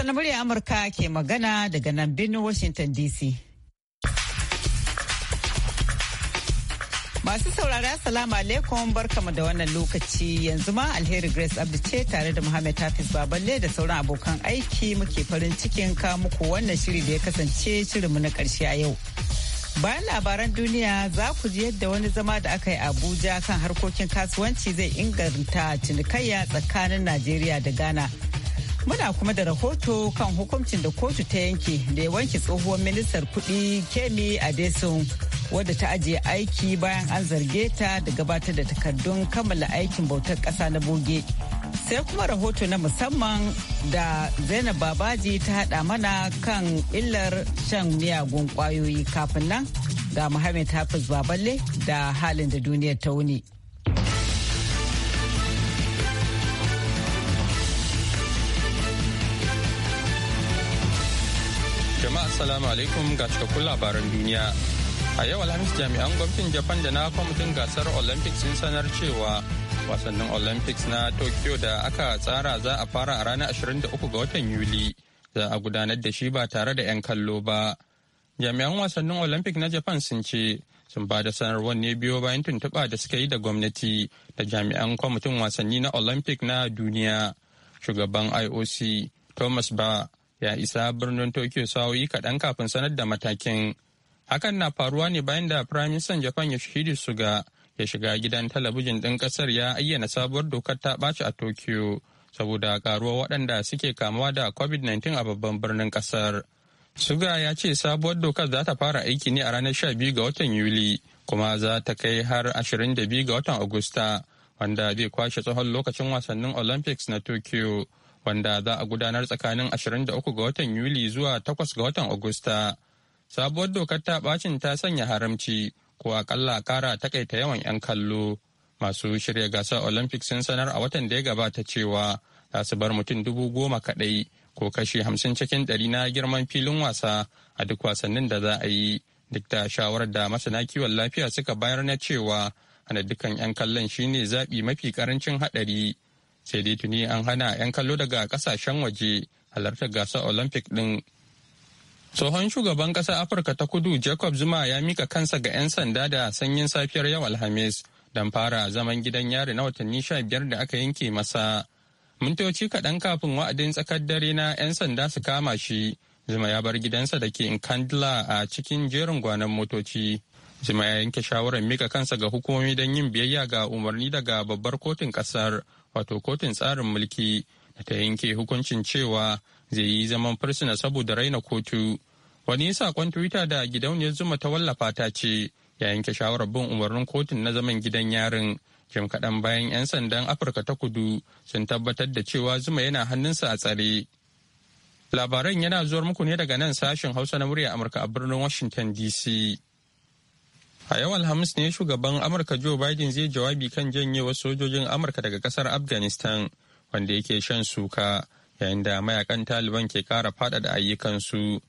Hausa murya Amurka ke magana daga nan birnin Washington DC. Masu saurara salamu alaikum barkamu da wannan lokaci yanzu ma alheri Grace Abdu ce tare da Muhammad Hafiz Baballe da sauran abokan aiki muke farin cikin ka muku wannan shiri da ya kasance shirinmu na karshe a yau. Bayan labaran duniya za ku ji yadda wani zama da aka yi Abuja kan harkokin kasuwanci zai inganta cinikayya tsakanin Najeriya da Ghana. Muna kuma da rahoto kan hukuncin da kotu ta yanke da ya wanke tsohuwar ministar kudi Kemi Adesun wadda ta ajiye aiki bayan an zarge ta da gabatar da takardun kammala aikin bautar ƙasa na boge. sai kuma rahoto na musamman da zainab babaji ta hada mana kan illar shan miyagun kwayoyi kafin nan ga muhammed hafiz baballe da halin da duniyar ta wuni. Assalamu alaikum ga cikakkun labaran duniya. A yau Alhamis jami'an gwamnatin Japan da na kwamitin gasar Olympics sun sanar cewa wasannin Olympics na Tokyo da aka tsara za a fara a ranar 23 ga watan Yuli za a gudanar da shi ba tare da 'yan kallo ba. Jami'an wasannin Olympic na Japan sun ce sun ba da sanarwar ne biyo bayan tuntuɓa da suka yi da gwamnati da jami'an kwamitin wasanni na Olympic na duniya. Shugaban IOC Thomas Ba ya isa birnin tokyo sa'o'i kaɗan kafin sanar da matakin hakan na faruwa ne bayan da firaministan japan ya shiri suga ya shiga gidan talabijin ɗin ƙasar ya ayyana sabuwar dokar ta ɓaci a tokyo saboda karuwar waɗanda suke kamuwa da covid-19 a babban birnin ƙasar suga ya ce sabuwar dokar za ta fara aiki ne a ranar 12 ga watan yuli kuma za ta kai har 22 ga watan agusta wanda zai kwashe tsohon lokacin wasannin olympics na tokyo wanda za a gudanar tsakanin 23 ga watan Yuli zuwa 8 ga watan Agusta. Sabuwar dokar ta bacin ta sanya haramci ko akalla kara takaita yawan 'yan kallo. Masu shirya gasar Olympics sun sanar a watan da ya gabata cewa za su bar mutum dubu goma kaɗai ko kashi hamsin cikin ɗari na girman filin wasa a duk wasannin da za a yi duk da shawarar da masana kiwon lafiya suka bayar na cewa hana dukkan 'yan kallon shine zaɓi mafi ƙarancin haɗari. sai dai tuni an hana 'yan kallo daga kasashen waje halartar gasar olympic din tsohon shugaban ƙasar afirka ta kudu jacob zuma ya mika kansa ga 'yan sanda da sanyin safiyar yau alhamis don fara zaman gidan yari na watanni sha biyar da aka yanke masa mintoci kaɗan kafin wa'adin tsakar dare na 'yan sanda su kama shi zuma ya bar gidansa da ke kandila a cikin jerin gwanon motoci zuma ya yanke shawarar mika kansa ga hukumomi don yin biyayya ga umarni daga babbar kotun ƙasar wato kotun tsarin mulki da ta yanke hukuncin cewa zai yi zaman fursuna saboda raina kotu wani ya sakon twitter da gidauniyar zuma ta wallafa ta ce ya yanke shawarar bin umarnin kotun na zaman gidan yarin jim kaɗan bayan 'yan sandan afirka ta kudu sun tabbatar da cewa zuma yana hannunsa a tsare labaran yana zuwar muku ne daga nan sashen hausa na murya amurka a birnin washington dc A yau Alhamis ne shugaban Amurka Joe Biden zai jawabi kan janyewar sojojin Amurka daga kasar Afghanistan wanda yake shan suka yayin da mayakan Taliban ke kara faɗaɗa ayyukansu.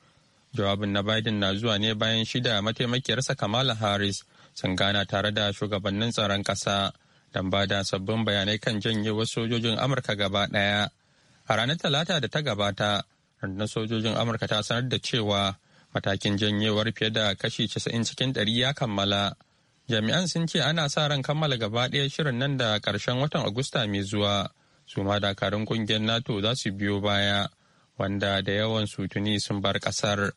Jawabin na Biden na zuwa ne bayan shida mataimakiyarsa Kamala Harris sun gana tare da shugabannin tsaron ƙasa don ba da sabbin bayanai kan janyewar sojojin Amurka gaba ɗaya. A ranar Talata da ta gabata, rundunar sojojin Amurka ta sanar da cewa matakin janyewar fiye da kashi 90 cikin ɗari ya kammala jami'an sun ce ana sa ran kammala gaba ɗaya shirin nan da ƙarshen watan agusta mai zuwa su ma dakarun ƙungiyar nato za su biyo baya wanda da yawan sutuni sun bar ƙasar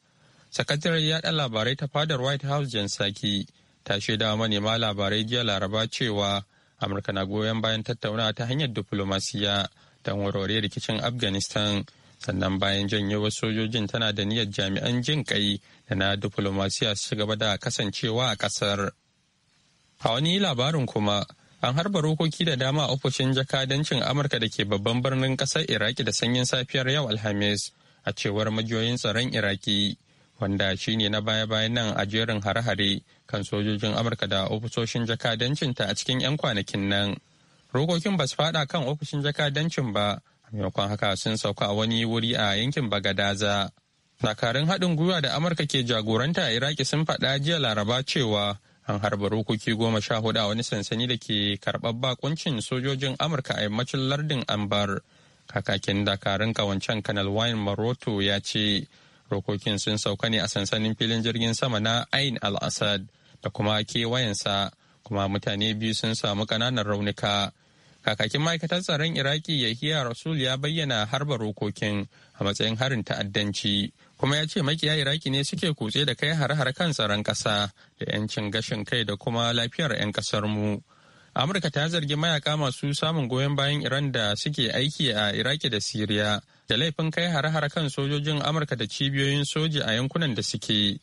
ya ɗan labarai ta fadar white house jan saki ta shaida manema labarai jiya laraba cewa amurka na goyon bayan tattaunawa ta hanyar diflomasiya don warware rikicin afghanistan sannan bayan janyewar sojojin tana da niyyar jami'an jin kai da na diplomasiya su gaba da kasancewa a kasar a wani labarin kuma an harba rokoki da dama a ofishin jakadancin amurka da ke babban birnin kasar iraki da sanyin safiyar yau alhamis a cewar majiyoyin tsaron iraki wanda shine na baya-bayan nan a jerin hare-hare kan sojojin amurka da ofisoshin jakadancinta a cikin 'yan kwanakin nan rokokin ba su fada kan ofishin jakadancin ba maimakon haka sun sauka a wani wuri a yankin bagadaza dakarun haɗin gwiwa da amurka ke jagoranta a iraki sun faɗa jiya laraba cewa an harba rokoki goma sha hudu a wani sansani da ke karɓar bakuncin sojojin amurka a yammacin lardin anbar. kakakin dakarun kawancen kanal wayan maroto ya ce rokokin sun sauka ne a sansanin filin jirgin sama na ain al-assad da kuma kewayensa kuma mutane biyu sun samu ƙananan raunuka Kakakin ma'aikatar tsaron Iraki Yahiya Rasul ya bayyana harba rokokin a matsayin harin ta'addanci kuma ya ce makiya Iraki ne suke kutse da kai har-har kan tsaron ƙasa da 'yancin gashin kai da kuma lafiyar 'yan ƙasar mu. Amurka ta zargi mayaka masu samun goyon bayan Iran da suke aiki a Iraki da Siriya da laifin kai har-har kan sojojin Amurka da cibiyoyin soji a yankunan da suke.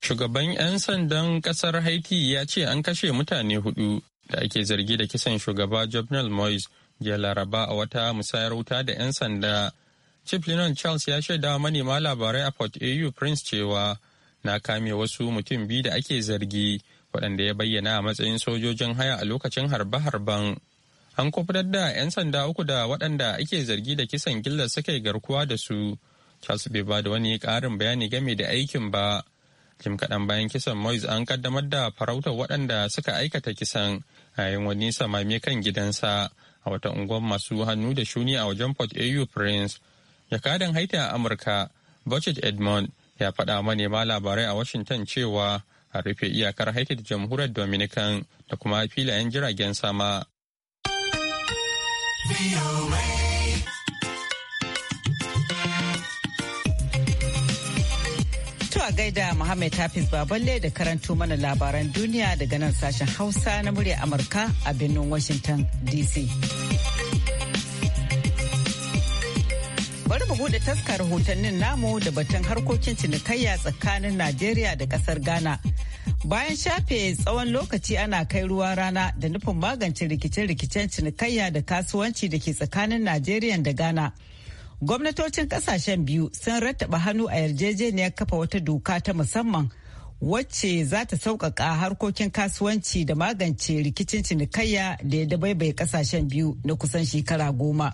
Shugaban 'yan sandan ƙasar Haiti ya ce an kashe mutane hudu da ake zargi da kisan shugaba Jovenel moyes jiya Laraba a wata musayar wuta da 'yan sanda. Chief Lennon Charles ya shaida manema labarai a Port AU Prince cewa na kame wasu mutum biyu da ake zargi waɗanda ya bayyana a matsayin sojojin haya a lokacin harbe-harben. An kofitar da 'yan sanda uku da waɗanda ake zargi da kisan gillar suka yi garkuwa da su. Charles bai ba da wani ƙarin bayani game da aikin ba. jim kaɗan bayan kisan moise an kaddamar da farautar waɗanda suka aikata kisan a yayin wani samami kan gidansa a wata unguwar masu hannu da shuni a wajen port au prince jakadan haiti a amurka budget edmond ya faɗa manema labarai a washington cewa a rufe iyakar haiti da jamhuriyar dominican da kuma filayen jiragen sama. a gaida Muhammad Hafiz Baballe da karanto mana labaran duniya daga nan sashen Hausa na murya Amurka a birnin Washington DC. Bari mu bude taskar rahotannin namu da batun harkokin cinikayya tsakanin Najeriya da kasar Ghana. Bayan shafe tsawon lokaci ana kai ruwa rana da nufin magance rikice-rikicen cinikayya da kasuwanci da ke tsakanin Najeriya da Ghana. gwamnatocin kasashen biyu sun rattaba hannu a yarjejeniyar kafa wata doka ta musamman wacce za ta sauƙaƙa harkokin kasuwanci da magance rikicin cinikayya da ya dabaibaye kasashen biyu na kusan shekara goma.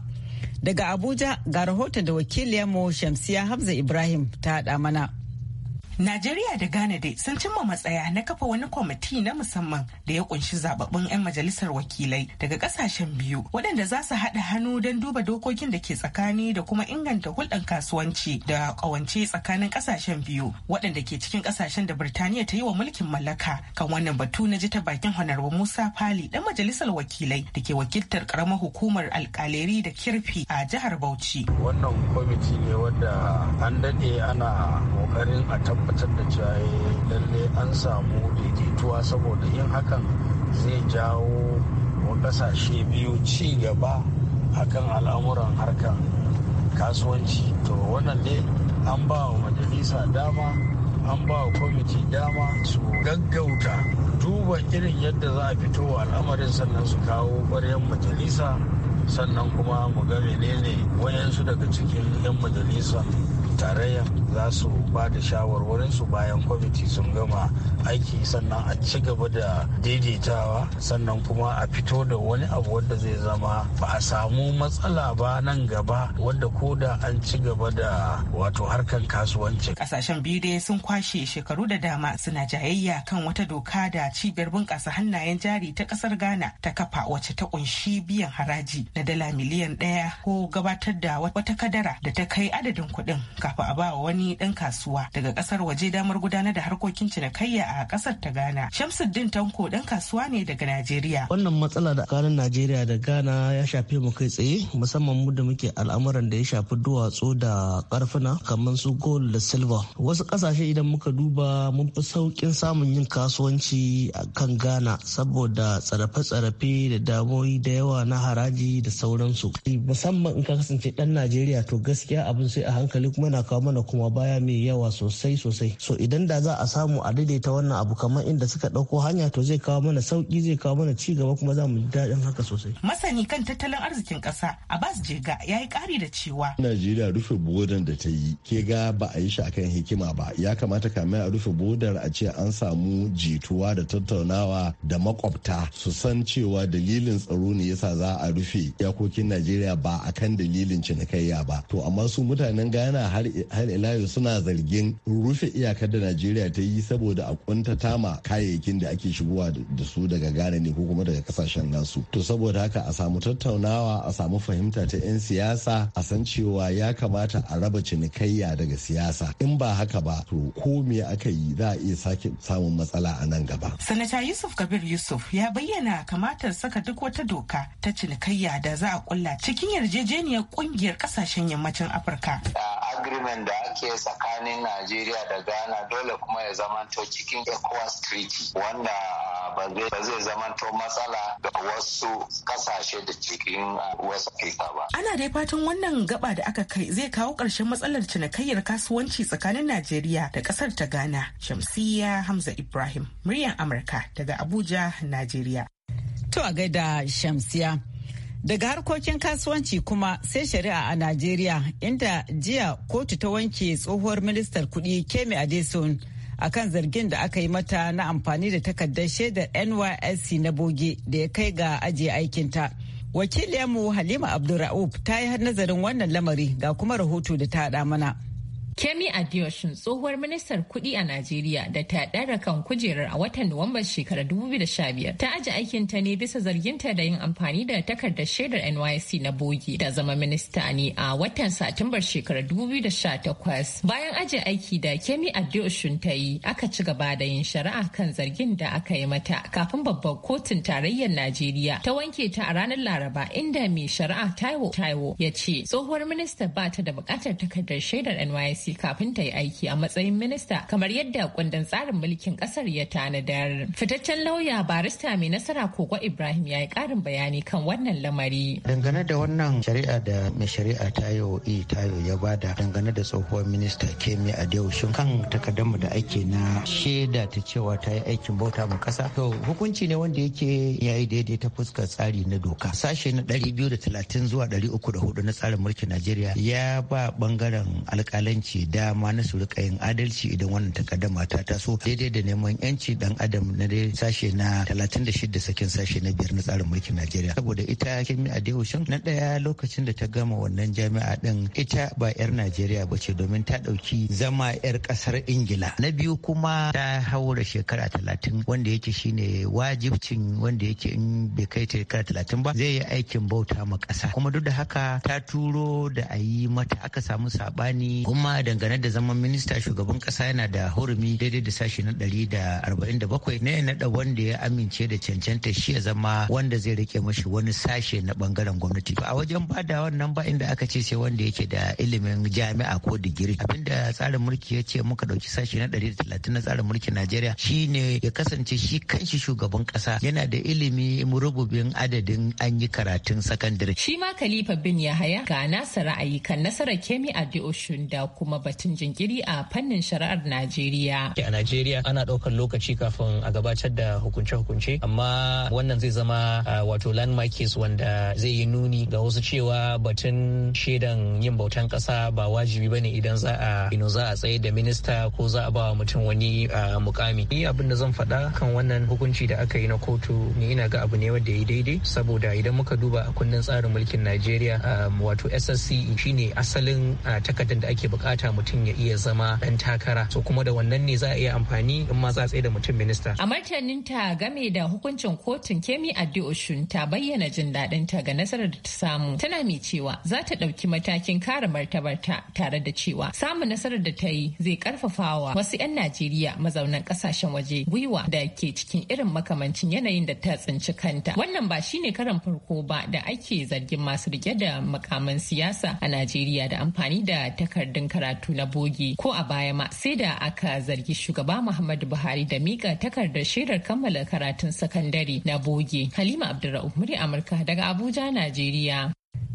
Daga Abuja ga rahoton da wakiliyarmu Shamsiya Hamza Ibrahim ta haɗa mana. Najeriya da Ghana dai sun cimma matsaya na kafa wani kwamiti na musamman da ya kunshi zababbun 'yan majalisar wakilai daga kasashen biyu waɗanda za su haɗa hannu don duba dokokin da ke tsakani da kuma inganta hulɗar kasuwanci da ƙawance tsakanin kasashen biyu waɗanda ke cikin kasashen da Birtaniya ta yi wa mulkin mallaka kan wannan batu na ji ta bakin Honarwa Musa Fali ɗan majalisar wakilai da ke wakiltar ƙaramar hukumar alƙaleri da kirfi a jihar Bauchi. Wannan kwamiti ne wanda an daɗe ana ƙoƙarin a tabbatar da cewa eh, lalle an samu daidaituwa saboda yin hakan zai jawo wa kasashe biyu ci gaba akan al'amuran harkar kasuwanci to wannan ne an ba wa majalisa dama an ba wa kwamiti dama su gaggauta duba irin yadda za a fito wa al'amarin sannan su kawo baryan majalisa sannan kuma mu ga menene wayansu daga cikin 'yan majalisa tarayya za su ba da su bayan kwamiti sun gama aiki sannan a ci gaba da daidaitawa sannan kuma a fito da wani abu wanda zai zama ba a samu matsala ba nan gaba wanda ko da an ci gaba da wato harkan kasuwanci. kasashen biyu dai sun kwashe shekaru da dama suna jayayya kan wata doka da cibiyar bunƙasa hannayen jari ta ƙasar ghana ta kafa wacce ta ƙunshi biyan haraji na dala miliyan ɗaya ko gabatar da wata kadara da ta kai adadin kuɗin kafin a ba wa wani ɗan kasuwa daga ƙasar waje damar gudanar da harkokin cinikayya a ƙasar ta Ghana. Shamsuddin Tanko ɗan kasuwa ne daga Najeriya. Wannan matsala da tsakanin Najeriya da Ghana ya shafe mu kai tsaye musamman mu da muke al'amuran da ya shafi duwatsu da karfuna kamar su gold da silver. Wasu ƙasashe idan muka duba mun fi sauƙin samun yin kasuwanci a kan Ghana saboda tsarafe-tsarafe da damoyi da yawa na haraji da sauransu musamman in ka kasance dan najeriya to gaskiya abin sai a hankali kuma na kawo mana kuma baya mai yawa sosai sosai so idan da za a samu a daidaita wannan abu kamar inda suka ɗauko hanya to zai kawo mana sauki zai kawo mana ci gaba kuma za mu ji daɗin haka sosai masani kan tattalin arzikin ƙasa bas jega ya yi ƙari da cewa najeriya rufe bodan da ta yi ke ga ba a yi shi akan hikima ba ya kamata kamar a rufe bodar a ce an samu jituwa da tattaunawa da makwabta su san cewa dalilin tsaro ne yasa za a rufe Yakokin najeriya ba a kan dalilin cinikayya ba to amma su mutanen ghana har ila suna zargin rufe iyakar da najeriya ta yi saboda a kuntata ma kayayyakin da ake shigowa da su daga ghana ne ko kuma daga kasashen nasu to saboda haka a samu tattaunawa a samu fahimta ta 'yan siyasa a san cewa ya kamata a raba cinikayya daga siyasa in ba haka ba to ko me aka yi za a iya sake samun matsala a nan gaba sanata yusuf kabir yusuf ya bayyana kamatar saka duk wata doka ta cinikayya da za a kulla cikin yarjejeniyar kungiyar kasashen yammacin Afirka. agreement da ake tsakanin Najeriya da Ghana dole kuma ya zamanto cikin ECOWAS Treaty wanda ah, ba zai zamanto matsala ga wasu kasashe da cikin ah, wasu Afirka ba. Ana dai fatan wannan gaba da aka kai zai kawo ƙarshen matsalar cinikayyar kasuwanci tsakanin Najeriya da ƙasar ta Ghana. Shamsiyya Hamza Ibrahim, muryar Amurka daga Abuja, Najeriya. To a gaida Shamsiya. Daga harkokin kasuwanci kuma sai shari'a a Najeriya inda jiya kotu ta wanke tsohuwar ministar kudi Kemi Adeson kan zargin da aka yi mata na amfani da takardar shaidar NYSC na boge da ya kai ga ajiye aikinta. Wakiliyarmu Halima Abdulra'uf ta yi nazarin wannan lamari ga kuma rahoto da ta haɗa mana. Kemi Adioshin tsohuwar ministar kuɗi a Najeriya da ta ɗara kan kujerar a watan nuwambar shekarar 2015 ta aji aikin ta ne bisa zarginta da yin amfani da takardar shaidar NYC na bogi da zama minista ne a watan Satumbar shekarar 2018. Bayan aji aiki da Kemi Adioshin ta yi aka ci gaba da yin shari'a kan zargin da aka yi mata kafin babbar kotun tarayyar Najeriya ta wanke ta a ranar Laraba inda mai shari'a Taiwo Taiwo ya ce tsohuwar minista ba ta da buƙatar takardar shaidar NYC kafin ta yi aiki a matsayin minista kamar yadda kundin tsarin mulkin kasar ya tanadar. Fitaccen lauya barista mai nasara Kogo Ibrahim ya yi karin bayani kan wannan lamari. Dangane da wannan shari'a da mai shari'a Tayo E Tayo ya bada dangane da tsohuwar minista Kemi Shin. kan takardarmu da ake na shaida ta cewa ta yi aikin bauta ma kasa. To hukunci ne wanda yake ya yi daidai ta fuskar tsari na doka. Sashe na talatin zuwa ɗari hudu na tsarin mulkin Najeriya ya ba bangaren alkalanci ce dama na su yin adalci idan wannan takaddama ta taso daidai da neman yanci dan adam na dai sashe na 36 sakin sashe na biyar na tsarin mulkin Najeriya saboda ita Kemi Adeyoshin na daya lokacin da ta gama wannan jami'a din ita ba yar Najeriya ba ce domin ta dauki zama yar kasar Ingila na biyu kuma ta haura shekara 30 wanda yake shine wajibcin wanda yake in bai kai ta shekara 30 ba zai yi aikin bauta ma kasa kuma duk da haka ta turo da ayi mata aka samu sabani kuma dangane da zaman minista shugaban kasa yana da hurumi daidai da sashi na ɗari da arba'in da bakwai na da wanda ya amince da cancanta shi ya zama wanda zai rike mashi wani sashe na bangaren gwamnati a wajen bada wannan ba inda aka ce sai wanda yake da ilimin jami'a ko digiri abinda tsarin mulki ya ce muka dauki sashe na ɗari da talatin na tsarin mulkin najeriya shine ya kasance shi kanshi shugaban kasa yana da ilimi rububin adadin an yi karatun sakandare shi ma khalifa bin yahaya ga nasa ra'ayi kan nasarar kemi a da kuma kuma batun jinkiri a fannin shari'ar Najeriya. A Najeriya ana ɗaukar lokaci kafin a gabatar da hukunce-hukunce amma wannan zai zama wato landmarkies wanda zai yi nuni ga wasu cewa batun shaidan yin bautan ƙasa ba wajibi bane idan za a ino za a tsaye da minista ko za a ba wa mutum wani mukami. Ni abin da zan faɗa kan wannan hukunci da aka yi na kotu ni ina ga abu ne wanda ya daidai saboda idan muka duba a kunnen tsarin mulkin Najeriya wato ssc e shine asalin takardar da ake bukata kamata mutum ya iya zama dan takara so kuma da wannan ne za a iya amfani in ma za a da mutum minista a martanin ta game da hukuncin kotun kemi adioshun ta bayyana jin daɗin ta ga nasarar da ta samu tana mai cewa za ta ɗauki matakin kare martabarta tare da cewa samun nasarar da ta yi zai karfafawa wasu 'yan najeriya mazaunan ƙasashen waje gwiwa da ke cikin irin makamancin yanayin da ta tsinci kanta wannan ba shine karan farko ba da ake zargin masu rike da makaman siyasa a najeriya da amfani da takardun karatu karatu na bogi ko a baya ma sai da aka zargi shugaba Muhammadu Buhari da mika takardar shaidar kammala karatun sakandare na bogi. Halima abdulrahman muri Amurka daga Abuja, Najeriya.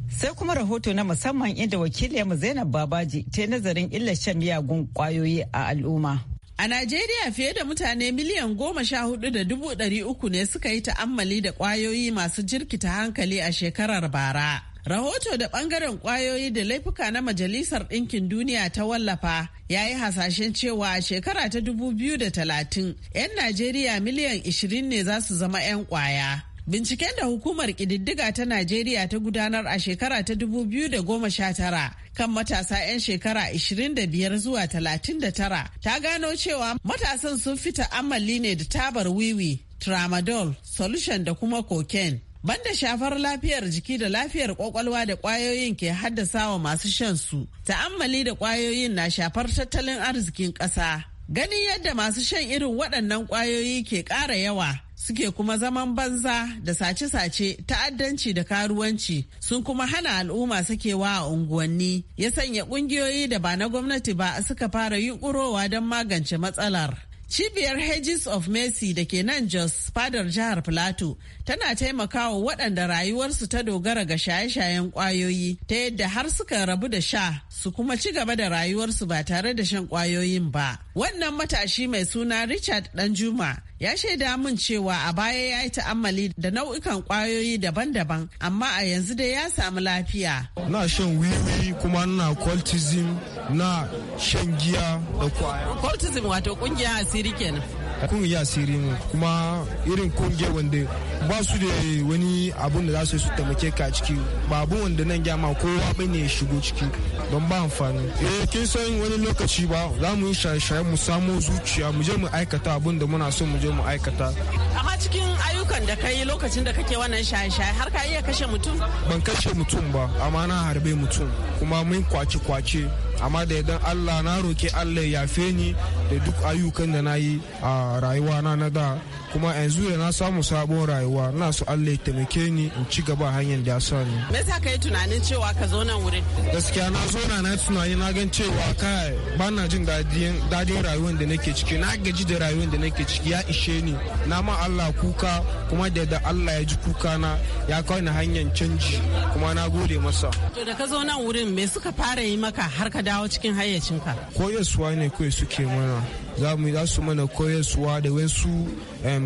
Sai kuma rahoto na musamman inda wakiliyarmu Zainab Babaji ta nazarin illar shan miyagun kwayoyi a al'umma. A Najeriya fiye da mutane miliyan goma sha hudu da dubu dari uku ne suka yi ta'ammali da kwayoyi masu jirkita hankali a shekarar bara. Rahoto da ɓangaren kwayoyi da laifuka na Majalisar Ɗinkin Duniya ta wallafa ya yi hasashen cewa a shekara ta 2030 'yan Najeriya miliyan 20 ne za su zama 'yan kwaya. Binciken da hukumar ƙididdiga ta Najeriya ta gudanar a shekara ta 2019 kan matasa 'yan shekara 25 zuwa 39 ta gano cewa matasan sun fita amali ne da tabar wiwi, tramadol, solution da kuma cocaine. Banda shafar lafiyar jiki da lafiyar kwakwalwa da kwayoyin ke haddasa wa masu shan su, ta'ammali da kwayoyin na shafar tattalin arzikin ƙasa. Gani yadda masu shan irin waɗannan kwayoyi ke ƙara yawa suke kuma zaman banza da sace-sace ta'addanci da karuwanci sun kuma hana al'umma sakewa a unguwanni ya sanya ƙungiyoyi da ba na gwamnati ba suka fara yunkurowa don magance matsalar Cibiyar Hedges of Mercy da ke nan Jos fadar jihar Plateau tana taimakawa waɗanda rayuwarsu ta dogara ga shaye-shayen ƙwayoyi ta yadda har suka rabu da sha su kuma ci gaba da rayuwarsu ba tare da shan ƙwayoyin ba. Wannan matashi mai suna Richard Danjuma ya shaida min cewa a baya ya yi ta'ammali da nau'ikan kwayoyi daban-daban amma a yanzu dai ya samu lafiya. Na shan wiwi kuma na cultism na shan giya da kwaya. Cultism wato kungiya asiri kenan. kun ya siri kuma irin kungiyar wanda ba su da wani abun da za su su taimake ka ciki ba abun wanda nan ya ma kowa bai ne shigo ciki don ba amfani eh kin san wani lokaci ba za mu yi shaye-shaye mu samo zuciya mu je mu aikata abun da muna so mu je mu aikata amma cikin ayyukan da kai lokacin da kake wannan shaye-shaye har ka iya kashe mutum ban kashe mutum ba amma na harbe mutum kuma mun kwace-kwace amma da idan allah na roƙi allah ya yafe ni da duk ayyukan da na yi a rayuwa na na da kuma yanzu da na samu sabon rayuwa na su allah ya taimake ni in ci gaba hanyar da ya sa ni me yasa ka yi tunanin cewa ka zo nan wurin gaskiya na zo na na tunani na gan cewa kai ba na jin dadin rayuwar da nake ciki na gaji da rayuwar da nake ciki ya ishe ni na ma allah kuka kuma da da allah ya ji kuka na ya kawo ni hanyar canji kuma na gode masa to da ka zo nan wurin me suka fara yi maka harka. dawo cikin hayyacinka koyaswa ne kawai suke mana za mu za su mana koyarsuwa da wasu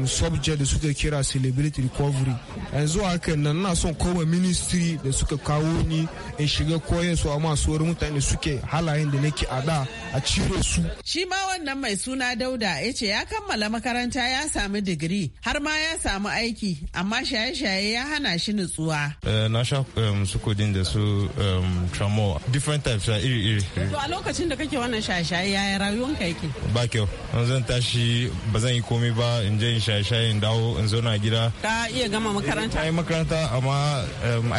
subject da suke kira celebrity recovery yanzu haka nan na son koma ministry da suka kawo ni in shiga koyarsuwa masu wani mutane suke halayen da nake a da a cire su shi ma wannan mai suna dauda ya ce ya kammala makaranta ya samu digiri har ma ya samu aiki amma shaye-shaye ya hana shi nutsuwa eh, na sha su kudin da su tramo different types iri-iri a lokacin da kake wannan shaye-shaye ya rayuwanka yake ke kyau an zan tashi ba zan yi komai ba in je in shaye-shaye in dawo in zo na gida ka iya gama makaranta ai makaranta amma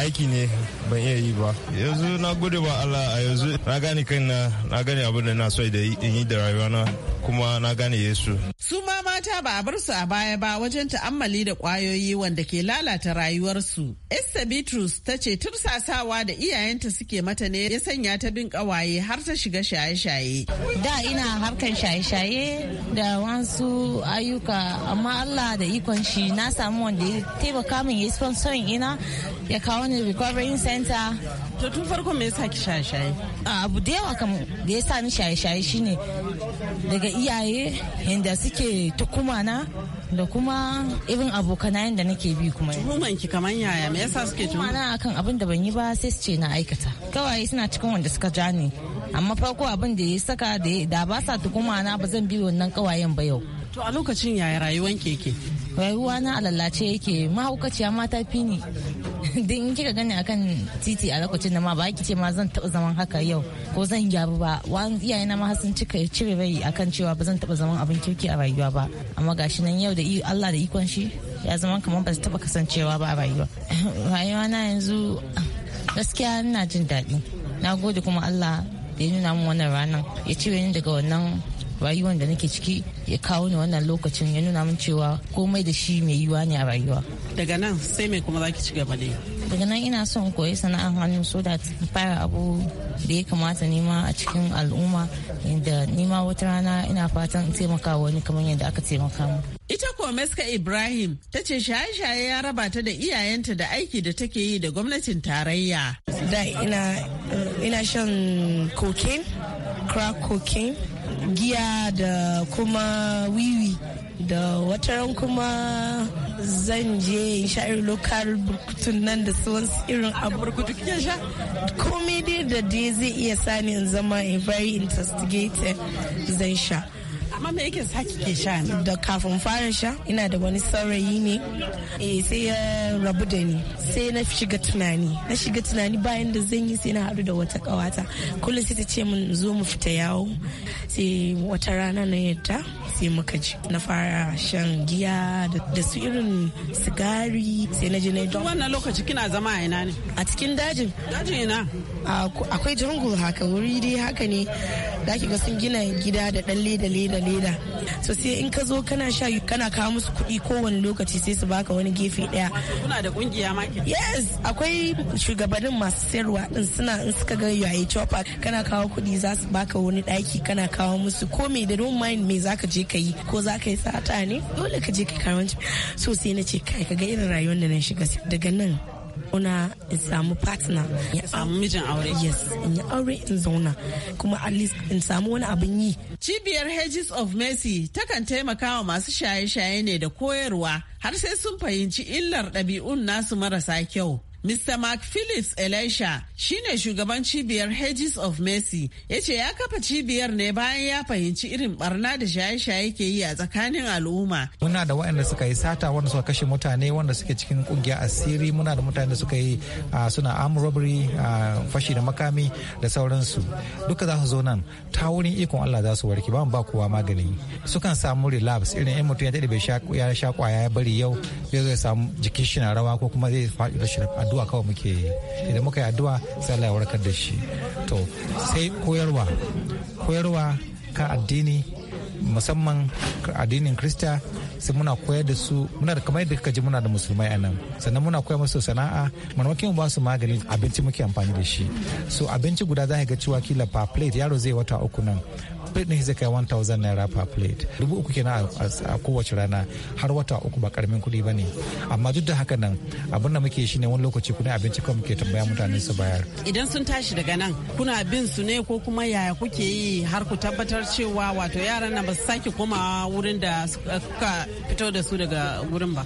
aiki ne ban iya yi ba yanzu na gode ba Allah a yanzu na gane kaina na gani abin da na so da yi da rayuwana kuma na gane Yesu su ma mata ba a bar su a baya ba wajen ta'ammali da kwayoyi wanda ke lalata rayuwarsu Esther Bitrus ta ce tursasawa da iyayenta suke mata ne ya sanya ta bin kawaye har ta shiga shaye-shaye da ina harkan shaye-shaye shaye da wasu ayyuka amma Allah da ikon shi na samu wanda ya taimaka min ya sponsor ina ya kawo ni recovery center to tun farko me yasa ki shaye-shaye abu da yawa kam da yasa ni shaye-shaye shine daga iyaye yanda suke tukuma na da kuma irin abokanayen da nake bi kuma tuhuman ki kaman yaya me yasa suke tuhuma na akan abin da ban yi ba sai su ce na aikata kawai suna cikin wanda suka ja ni amma farko abin da ya saka da ba sa tuhuma na ba zan bi wannan kawayen ba yau To a lokacin yaya rayuwan ke Rayuwa na a lallace yake mahaukaciya mata fi ni din kika gani akan titi a lokacin da ma ba ki ce ma zan taba zaman haka yau ko zan gyaru ba wani iyaye na ma sun cika cire rai akan cewa ba zan taba zaman abin kirki a rayuwa ba amma gashi nan yau da Allah da ikon shi ya zama kamar ba su taba kasancewa ba a rayuwa rayuwa na yanzu gaskiya ina jin daɗi na gode kuma Allah da ya nuna min wannan ranar ya cire ni daga wannan rayuwar da nake ciki ya kawo ni wannan lokacin ya nuna min cewa komai da shi mai yiwa ne a rayuwa daga nan sai mai kuma zaki ci gaba ne daga nan ina son koyi sana'ar hannu so da fara abu da ya kamata nema a cikin al'umma inda nema wata rana ina fatan taimaka wani kamar yadda aka taimaka mu Ita komeska Meska Ibrahim ta ce shaye-shaye ya raba ta da iyayenta da aiki da take yi da gwamnatin tarayya. Da ina, ina shan cocaine, crack cocaine, giya da kuma wiwi da wataran kuma zan je in sha irin lokal burkutun nan da su wasu irin burkutu kike sha da dai zai iya sani in zama a very investigated zan sha amma me yake saki ke sha ne da kafin fara sha ina da wani saurayi ne eh sai ya rabu da ni sai na shiga tunani na shiga tunani bayan da zan yi sai na haɗu da wata kawata kullum sai ta ce min zo mu fita yawo sai wata rana na yadda sai muka ji na fara shan giya da su irin sigari sai na je na don wannan lokaci kina zama a ina ne a cikin dajin dajin ina akwai jungle haka wuri dai haka ne da ga sun gina gida da dan leda leda leda so sai in ka zo kana sha kana kawo musu kuɗi kowane lokaci sai su baka wani gefe daya kuna da kungiya ma yes akwai shugabannin masu sayarwa din suna in suka ga yayi chopa kana kawo kuɗi za su baka wani daki kana kawo musu ko me da don mind me zaka je ka yi ko zaka yi sata ne dole ka je ka kawo so sai na ce kai ka ga irin rayuwar da na shiga daga nan zauna in samu partner ya samu mijin aure yes in yi aure in zauna kuma at least in samu wani abin yi cibiyar hedges of mercy takan taimaka wa masu shaye-shaye ne da koyarwa har sai sun fahimci illar ɗabi'un nasu marasa kyau Mr. Mark Phillips Elisha shi ne shugaban cibiyar Hedges of Mercy ya ce ya kafa cibiyar ne bayan ya fahimci irin barna da shaye-shaye ke yi a tsakanin al'umma. Muna da waɗanda suka yi sata wanda suka kashe mutane wanda suke cikin kungiya asiri muna da mutane da suka yi suna arm robbery fashi da makami da sauransu duka za su zo nan ta wurin ikon Allah za su warke ba mu ba kowa magani sukan samu relapse irin 'yan mutum ya daɗe bai sha ya bari yau zai samu jikin shi na rawa ko kuma zai faɗi rashin addu'a kawai muke yi idan muka yi addu'a sai Allah ya warkar da shi to sai koyarwa koyarwa ka addini musamman addinin krista sai muna koyar da su muna da kamar yadda kaji muna da musulmai a nan sannan muna koyar musu sana'a mamakin ba su magani abinci muke amfani da shi so abinci guda za ka ga cewa kila per plate yaro zai wata uku nan plate ne zai kai 1000 naira per plate dubu uku kenan a kowace rana har wata uku ba karamin kuɗi ba ne amma duk da haka nan abin da muke shi ne wani lokaci kuna abinci kuma muke tambaya mutane su bayar idan sun tashi daga nan kuna bin su ne ko kuma yaya kuke yi har ku tabbatar cewa wato yaran nan ba su sake komawa wurin da suka fito da su daga wurin ba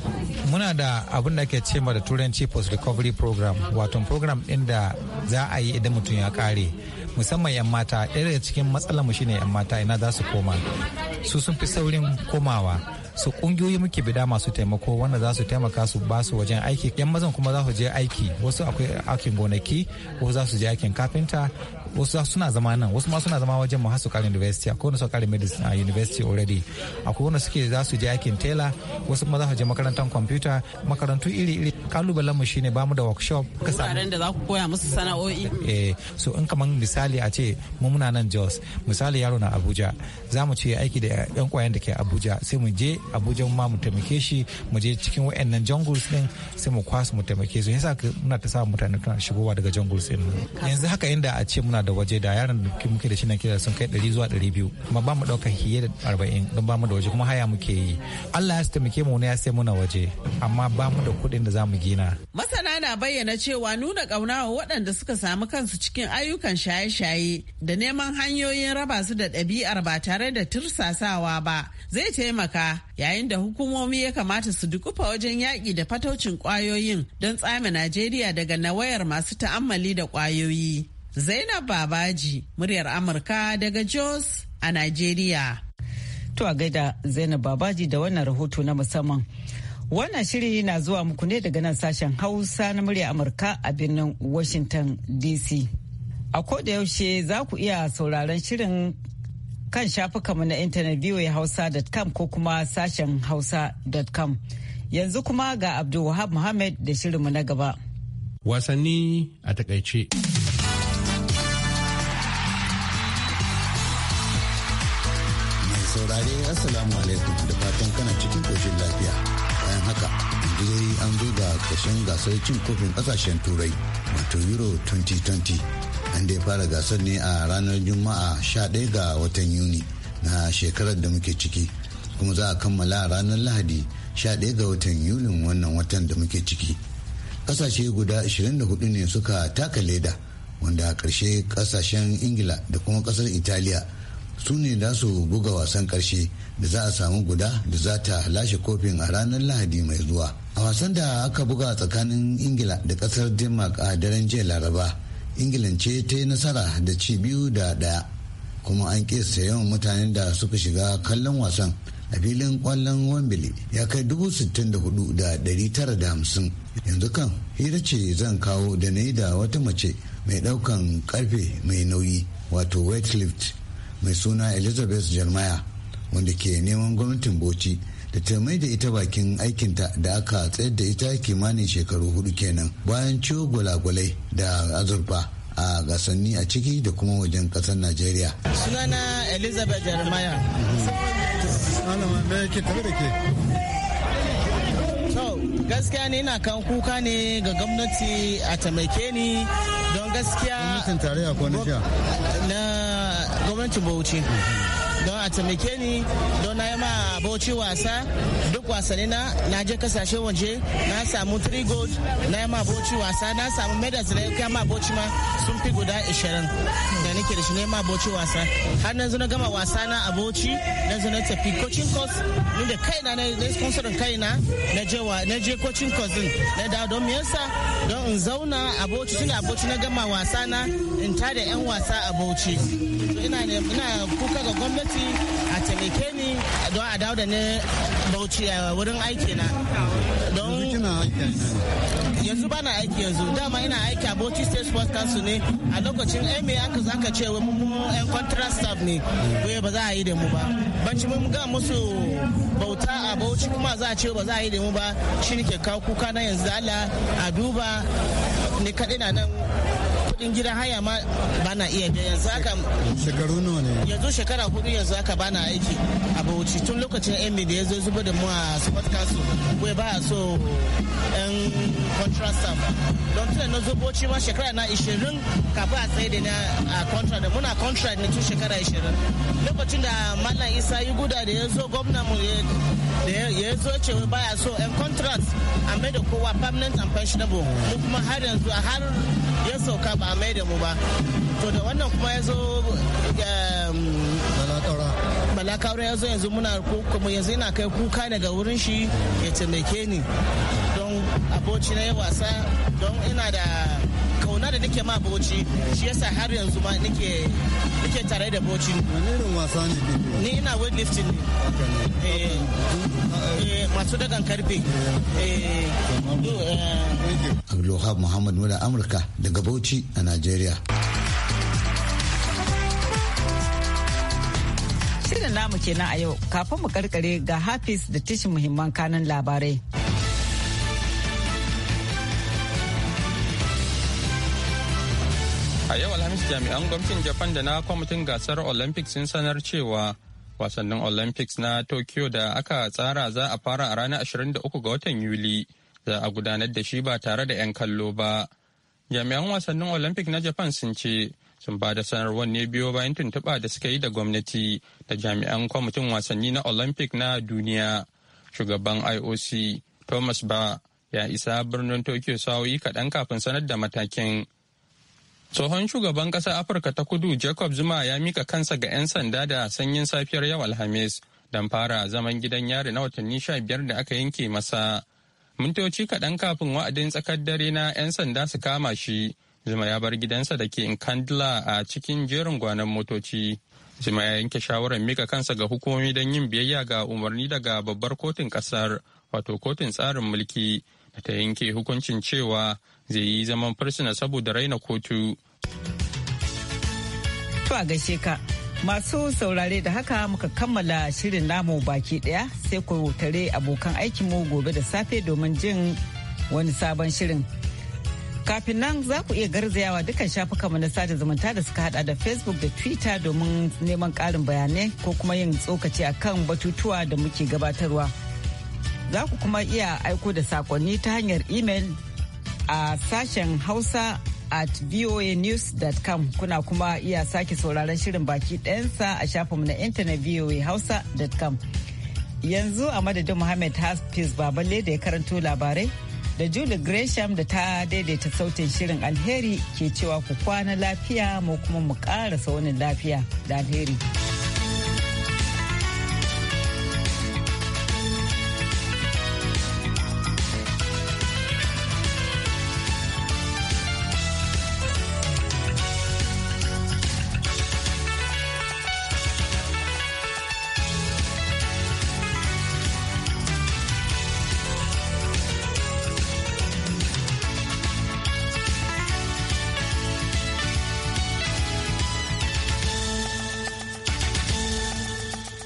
muna da abin da ke cewa da turanci post recovery program wato program ɗin da za a yi idan mutum ya kare musamman 'yan mata ɗaya da cikin matsalar mu shine 'yan mata ina za su koma su sun fi saurin komawa su kungiyoyi muke bida masu taimako wanda za su taimaka su ba su wajen aiki yan mazan kuma za su je aiki wasu akwai aikin gonaki wasu za su je aikin kafinta wasu suna zama nan wasu ma suna zama wajen mu har su kare university akwai wani suka kare medicine a university already akwai wani suke za su je aikin tela wasu ma za su je makarantar computer makarantu iri-iri kalubalen mu shine ba mu da workshop ka samu da za ku koya musu sana'o'i eh so in kaman misali a ce mu muna nan Jos misali yaro na Abuja za mu ce aiki da yan kwayan da ke Abuja sai mu je Abuja mu ma mu taimake shi mu je cikin wayannan jungles din sai mu kwasu mu taimake su yasa muna ta sa mutane tana shigowa daga jungles din yanzu haka inda a ce muna da waje da yaran da muke da shi nan kira sun kai 100 zuwa 200 kuma ba mu ɗaukar hiye da 40 don ba mu da waje kuma haya muke yi Allah ya taimake mu ne ya sai muna waje amma ba mu da kuɗin da za mu gina. Masana na bayyana cewa nuna ƙauna wa waɗanda suka samu kansu cikin ayyukan shaye-shaye da neman hanyoyin raba su da ɗabi'ar ba tare da tursasawa ba zai taimaka yayin da hukumomi ya kamata su dukufa wajen yaƙi da fataucin ƙwayoyin don tsame Najeriya daga nawayar masu ta'ammali da ƙwayoyi. Zainab Babaji, muryar Amurka daga Jos a Najeriya. To a gaida Zainab Babaji da wannan rahoto na musamman. Wannan shiri na zuwa muku ne daga nan sashen Hausa na muryar Amurka a birnin Washington DC. A koda yaushe za ku iya sauraron shirin kan shafukanmu na intanet voahausa.com ko kuma sashen hausa.com. Yanzu kuma ga Abdul Wahab Muhammad da shirinmu na gaba. Wasanni a takaice. saurare assalamu alaikum da fatan kana cikin koshin lafiya bayan haka dai an zo ga kashen gasar cin kofin ƙasashen turai wato euro 2020 an dai fara gasar ne a ranar juma'a 11 ga watan yuni na shekarar da muke ciki kuma za a kammala ranar lahadi 11 ga watan yuni wannan watan da muke ciki kasashe guda 24 ne suka taka leda wanda a ƙarshe kasashen ingila da kuma ƙasar italiya su ne za su buga wasan karshe da za a samu guda da za ta lashe kofin a ranar lahadi mai zuwa a wasan da aka buga tsakanin ingila da kasar denmark a daren jiya laraba ingilan ce ta yi nasara da ci biyu da daya kuma an kesa yawan mutanen da suka shiga kallon wasan a filin kwallon wambili ya kai dubu sittin da hudu da dari tara da hamsin yanzu kan hira ce zan kawo da na yi da wata mace mai daukan karfe mai nauyi wato weightlift mai suna elizabeth jeremiah wanda ke neman gwamnatin bauchi da ta mai da ita bakin aikinta da aka tsayar da ita kimanin shekaru hudu kenan bayan ciwo gwalagwalai da azurfa a gasanni a ciki da kuma wajen kasar najeriya sunana elizabeth jeremiah gaskiya ne ina kan kuka ne ga gwamnati a taimake ni don gaskiya na o Bauchi don a taimake ni don na yi ma bauchi wasa duk wasanni na na je kasashen waje na samu 3 gold na yi ma bauchi wasa na samu medals na ya ma bauchi ma sun fi guda 20 da nake da shi na yi ma bauchi wasa har na zo na gama wasa na a bauchi na zo na tafi coaching course ni da kaina na na sponsorin kaina na je na je coaching course din na da don me yasa don in zauna a bauchi tun a bauchi na gama wasa na in tada yan wasa a bauchi ina kuka ga gwamnati gwamnati a taimake ni don a dawo da ne bauchi a wurin aiki na don yanzu bana aiki yanzu dama ina aiki a bauchi state sports council ne a lokacin ma aka zaka ce yan contract staff ne waye ba za a yi da mu ba banci mun ga musu bauta a bauchi kuma za a ce ba za a yi da mu ba shi ne ke kawo kuka na yanzu da Allah a duba ni kaɗai na nan kuɗin gidan haya ma ba na iya biya yanzu haka shekaru nawa ne yanzu shekara hudu yanzu haka ba na aiki a bauchi tun lokacin emi da ya zo zuba da mu a sport council wai ba so yan contract staff don tuna na zo bauchi ma shekara na 20 kafin a tsaye da na a contract da muna contract ne tun shekara 20 lokacin da mallam isa yi guda da ya zo gwamna mu da ya zo cewa baya so yan contract a mai da kowa permanent and pensionable mu kuma har yanzu har ya sauka ba a mai da mu ba to da wannan kuma ya zo balakaura ya zo yanzu muna kuma yanzu yana kai kuka daga wurin shi ya taimake ni don aboci na ya wasa don ina da kauna da nake ma boci shi yasa har yanzu ma nake nake tare da boci wani irin wasa ne ni ina weightlifting ne eh, eh masu dagan karfe eh, eh, eh. Abdulwahab Muhammad Mura Amurka daga Bauchi a Najeriya Shirin namu kenan a yau kafin mu karkare ga Hafiz da tishin muhimman kanan labarai. a yau alhamis jami'an gwamnatin japan da na kwamitin gasar olympics sun sanar cewa wasannin olympics na tokyo da aka tsara za a fara a ranar 23 ga watan yuli za a gudanar da shi ba tare da 'yan kallo ba jami'an wasannin olympic na japan sun ce sun ba da sanarwar ne biyo bayan tuntuɓa da suka yi da gwamnati da jami'an kwamitin wasanni na olympic na duniya shugaban ioc thomas ba ya isa birnin tokyo sa'o'i kaɗan kafin sanar da matakin Tsohon shugaban ƙasar Afirka ta kudu Jacob Zuma ya mika kansa ga 'yan sanda da sanyin safiyar yau Alhamis don fara zaman gidan yari na watanni sha biyar da aka yanke masa. Mintoci kaɗan kafin wa'adin tsakar dare na 'yan sanda su kama shi, Zuma ya bar gidansa da ke Nkandla a cikin jerin gwanon motoci. Zuma ya yanke shawarar mika kansa ga hukumomi don yin biyayya ga umarni daga babbar kotun ƙasar, wato kotun tsarin mulki, da ta yanke hukuncin cewa zai yi zaman fursuna saboda raina kotu. Tuwa gaishe ka. Masu saurare da haka muka kammala shirin namu baki daya sai ku tare abokan aikinmu gobe da safe domin jin wani sabon shirin. Kafin nan za ku iya garzayawa dukkan shafukanmu na sada zumunta da suka hada da Facebook da Twitter domin neman ƙarin bayanai ko kuma yin tsokaci a kan batutuwa da muke gabatarwa. Za ku kuma iya aiko da saƙonni ta hanyar email a sashen Hausa at voanews.com kuna kuma iya sake sauraron shirin baki ɗayansa a shafinmu na intanet voahausa.com. Yanzu a madadin Muhammad Hafiz Babale da ya karanto labarai da Julie Gresham da ta daidaita sautin shirin alheri ke cewa ku kwana lafiya mu kuma mu ƙara wani lafiya da alheri.